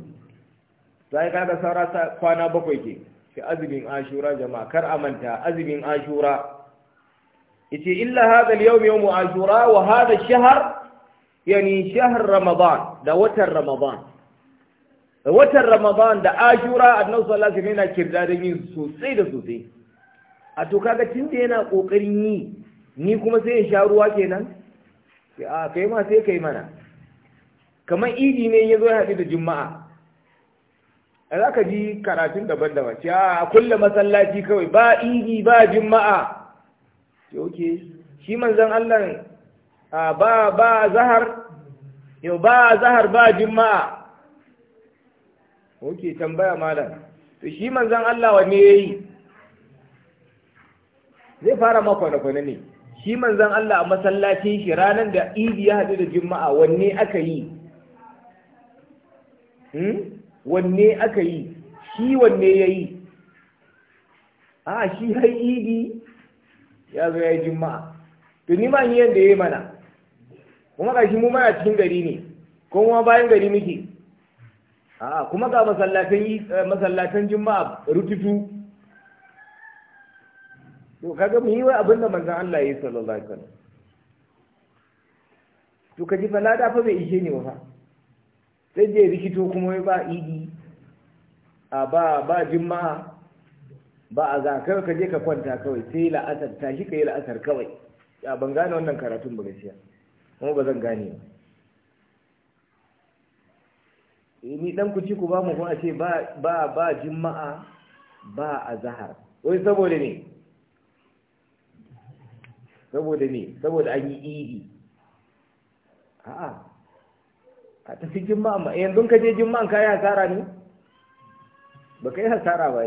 sai kaga saura kwana bakwai ke sai azumin ashura jama'a kar a manta azumin ashura yace illa hadal yau mu ashura wa hada shahar yani shahar ramadan da watan ramadan da watan ramadan da ashura nan sallah alaihi wasallam yana kirdarin yin sosai da sosai a to kaga tun da yana kokarin yi ni kuma sai in sha ruwa kenan sai a kai ma sai kai mana kamar idi ne ya zo ya haɗu da juma'a za ka ji karatun daban-daban ce a kulle masallaci kawai ba idi ba juma'a ce oke shi manzan allah ba ba zahar yau ba zahar ba juma'a oke tambaya malam to shi manzon Allah wanne yayi zai fara ma kwana ne shi manzon Allah a masallacin shi ranar da idi ya hadu da juma'a wanne aka yi hmm? wanne aka yi shi wanne yayi a shi har idi ya zo ya yi juma'a to ni ma yanda da yayi mana kuma ga shi mu mana cikin gari ne kuma bayan gari muke a kuma ga masallatan eh, juma'a rututu to kaga mu yi wa abin da manzon Allah ya sallallahu alaihi wasallam to ka ji falada fa bai ishe ni ba sai je rikito kuma ba idi a ba ba juma'a ba a za kai ka je ka kwanta kawai sai la'asar tashi ka yi la'asar kawai ya ban gane wannan karatun ba gaskiya kuma ba zan gane ba Eh, ni dan ku ci ku ba mu kuma ce ba ba ba juma'a ba azhar wai saboda ne saboda ne saboda an yi idi a'a a tafi juma'a ma yanzu ka je juma'a ka yi hasara ne ba ka yi hasara ba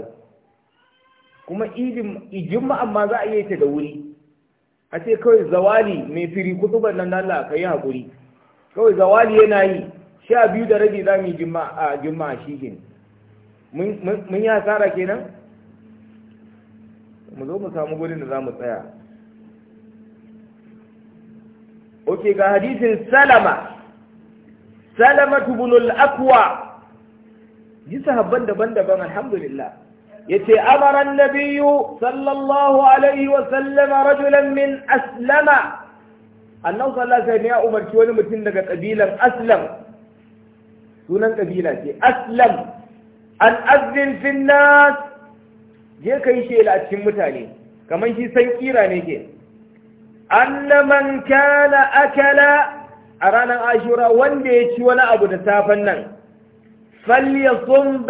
kuma idin juma'a ma za a yi ta da wuri a ce kawai zawali mai firi kutuban nan Allah ka yi haƙuri kawai zawali yana yi sha biyu da rabi za mu yi juma'a shi ke mun yi asara kenan mu zo mu samu gurin da za mu tsaya ok ga hadisin salama salama tubunul akwa ji sahabban daban-daban alhamdulillah ya ce amaran biyu. sallallahu alaihi wasallama rajulan min aslama annan sallallahu ya umarci wani mutum daga ƙabilan aslam sunan kabila ce aslam an azzin finnas je ka yi shela a cikin mutane kamar shi san kira ne ke anna kana akala a ranar ashura wanda ya ci wani abu da safen nan falyasum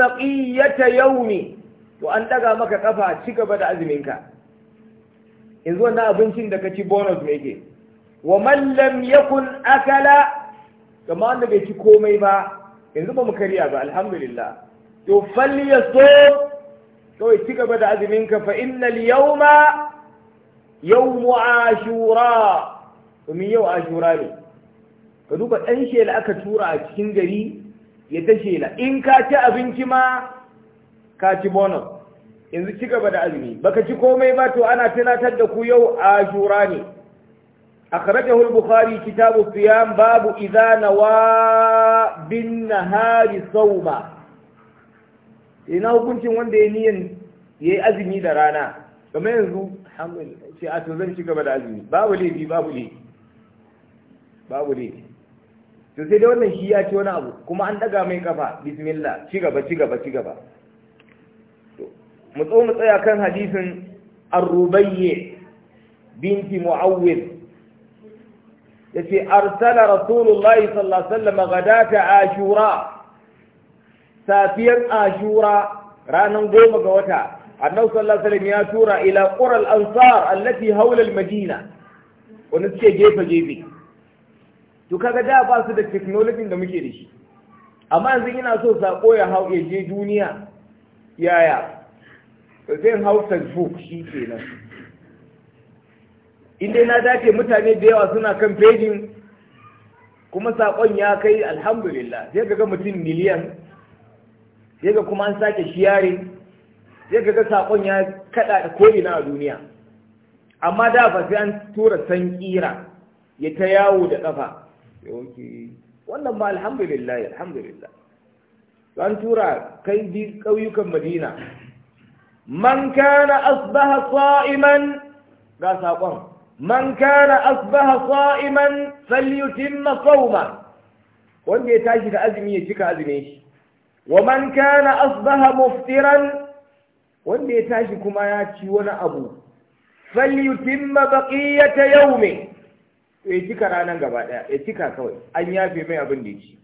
yau ne. to an daga maka kafa ci gaba da azuminka yanzu na abincin da ka ci bonus ne ke wa Mallam ya kun akala kamar wanda bai ci komai ba yanzu ba mu karya ba alhamdulillah to falli ya so kawai ci gaba da azumin ka fa innal yawma yawmu ashura min yau ashura ne ka duba ɗan shela aka tura a cikin gari ya ta shela in ka ci abinci ma ka ci bonus yanzu ci gaba da azumi baka ci komai ba to ana tunatar da ku yau ashura ne أخرجه البخاري كتاب الصيام باب إذا نوى بالنهار صوما ina hukuncin wanda ya niyan ya yi ينزو da rana أتوزن yanzu ce a باب لي بي باب da باب babu laifi babu laifi babu laifi to sai wannan shi ya ci wani abu kuma an daga mai kafa bismillah ci gaba ci gaba ci gaba to mu tso mu tsaya kan hadisin arrubayye binti mu'awwid yace arsala rasulullahi sallallahu alaihi wasallam gadata ashura safiyar ashura ranan goma ga wata annabi sallallahu alaihi wasallam ya tura ila qura al-ansar allati hawla madina wanda suke gefe gefe to kaga da ba su da technology da muke da shi amma yanzu ina so sako ya hau ya je duniya yaya to sai hau facebook shi kenan inda na dace mutane da yawa suna kan fejin kuma saƙon ya kai alhamdulillah sai ga mutum miliyan sai ga kuma an sake shiyarin sai ga saƙon ya kaɗa ko'ina a duniya amma da ba sai an tura san kira ya ta yawo da ƙafa wannan ba alhamdulillah alhamdulillah an tura kai bi ƙauyukan madina man kana asbaha sa'iman ga saƙon man kana asbaha sa'iman falyutimma sawma wanda ya tashi da azumi ya cika azumin shi wa man kana asbaha muftiran wanda ya tashi kuma ya ci wani abu falyutimma baqiyata yawmi ya cika ranan gaba daya ya cika kawai an yafe mai abin da ya ci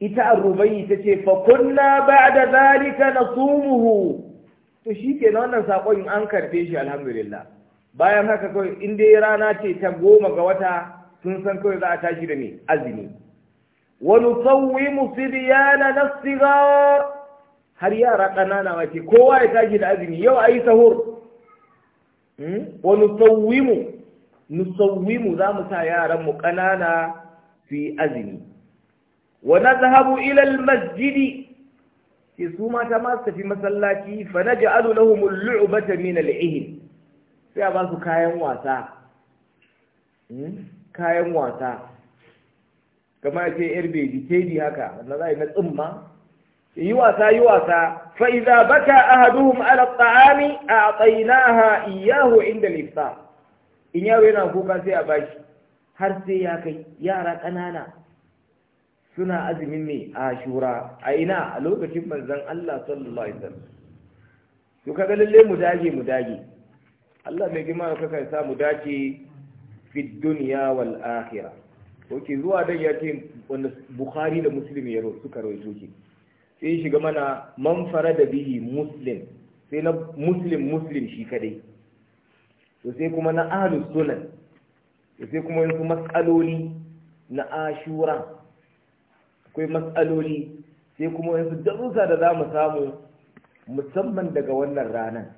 ita arrubai ta ce fa kunna ba'da zalika nasumuhu to shikenan wannan sakon an karbe shi alhamdulillah bayan haka kawai in dai rana ce ta goma ga wata sun san kawai za a tashi da me azumi wa nusawwimu na nasigar har yara ƙanana ma ce kowa ya tashi da azumi yau ayi sahur hmm? wa nusawwimu za mu sa yaran mu ƙanana su yi azumi Wani zahabu ilal masjidi sai su mata masu tafi masallaci fa naj'alu lahum al-lu'bata min al sai a ba su kayan wasa hmm? kayan wasa kamar ce yar bejiteri haka wanda za a yi na tsumma yi wasa yi wasa fa'iza baka ahaduhum ala tsa’ami a ha iyahu inda lifta in yaro yana kuka sai a bashi har sai ya kai yara ƙanana suna azumin ne a shura a ina a lokacin manzan Allah sallallahu alaihi wasallam to kaga lalle mu dage mu dage Allah mai girma ka kakan samu dace fi duniya wal akhirah ki zuwa dan ya ce wanda bukhari da muslim ya suka rawaito shi sai shiga mana man da bihi muslim sai na muslim muslim shi kadai to sai kuma na ahlus sunan to sai kuma wasu matsaloli na ashura akwai matsaloli sai kuma wasu darussa da za mu samu musamman daga wannan ranar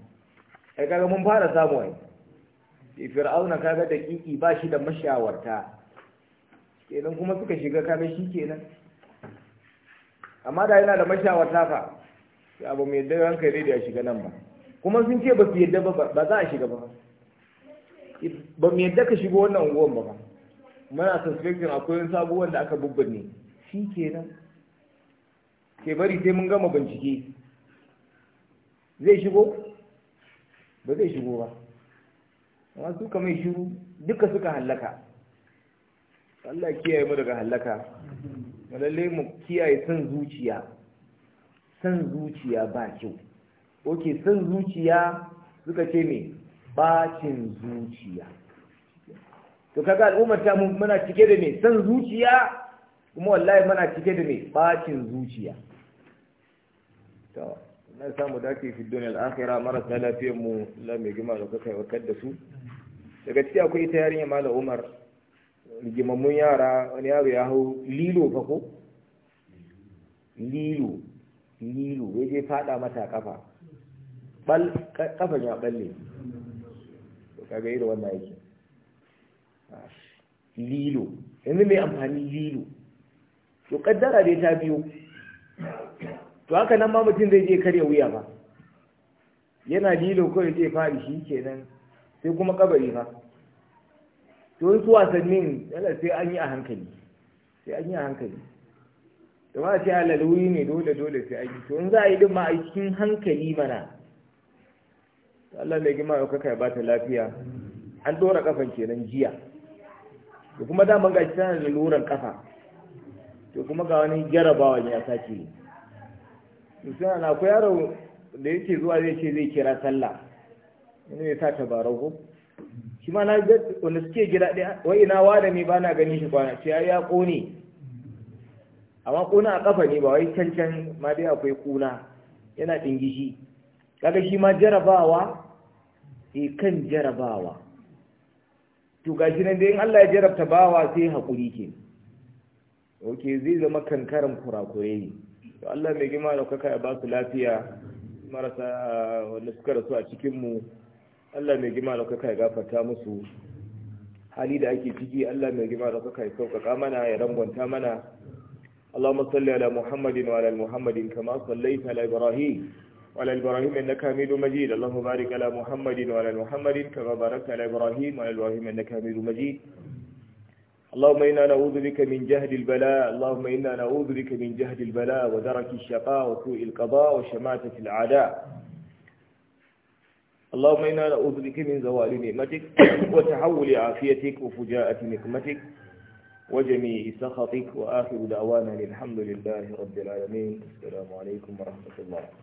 ai kaga mun fara samu ai fir'auna kaga da kiki ba shi da mashawarta kenan kuma suka shiga kaga shi kenan amma da yana da mashawarta fa abu mai yadda ranka ne da ya shiga nan ba kuma sun ce ba su yadda ba ba za a shiga ba ba mu yadda ka shiga wannan unguwan ba ba muna suspecting akwai wani sabuwan da aka bubbune shi kenan ke bari sai mun gama bincike zai shigo ba zai shigo ba amma su shiru duka suka hallaka Allah kiyaye mu daga hallaka lalle mu kiyaye san zuciya san zuciya ba kyau oke san zuciya suka ce me bacin zuciya to kaga al'ummar ta muna cike da me san zuciya kuma wallahi muna cike da me bacin zuciya na samu dace fi duniyar akhira marasa lafiyar mu la mai gima da kuka wakar da su daga ciki akwai ta yarinya mala umar rigimammun yara wani yaro ya hau lilo fa ko lilo lilo ya je fada mata kafa bal kafan ya balle kaga irin wannan yake lilo yanzu mai amfani lilo to kaddara dai ta biyo to haka nan ma mutum zai je karya wuya ba yana lilo ya je fari shi kenan sai kuma kabari ba to su wasannin yana sai an yi a hankali sai an yi a hankali da ma sai halalwuri ne dole dole sai an yi to in za a yi din ma a cikin hankali mana Allah mai gima ya kaka ba ta lafiya an dora kafan kenan jiya da kuma daman gashi tana da luran kafa to kuma ga wani jarabawa ne ya sake suna na ku yaro da yake zuwa zai ce zai kira sallah wani ya sa tabarau ko shi ma na ga wanda suke gida ɗaya wai ina wa da ni ba na ganin shi kwana ce ya ƙone amma ƙuna a ƙafa ne ba wai can can ma dai akwai ƙuna yana ɗingishi kaga shi ma jarabawa e kan jarabawa to gashi nan dai in Allah ya jarabta bawa sai haƙuri ke oke zai zama kankaran kurakurai ne to Allah mai gima da kaka ya ba su lafiya marasa wanda suka rasu a cikinmu Allah mai gima da kaka ya gafarta musu hali da ake ciki Allah mai gima da kaka ya sauƙaƙa mana ya rangwanta mana اللهم صل على محمد وعلى محمد كما صليت على إبراهيم وعلى إبراهيم إنك حميد مجيد اللهم بارك على محمد وعلى محمد كما باركت على إبراهيم وعلى إبراهيم إنك حميد مجيد اللهم إنا نعوذ بك من جهد البلاء اللهم إنا نعوذ بك من جهد البلاء ودرك الشقاء وسوء القضاء وشماتة الأعداء اللهم إنا نعوذ بك من زوال نعمتك وتحول عافيتك وفجاءة نقمتك وجميع سخطك وآخر دعوانا الحمد لله رب العالمين السلام عليكم ورحمة الله